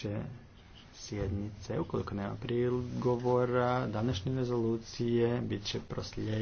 će sjednice, ukoliko nema govora, današnje rezolucije bit će prosljeđene.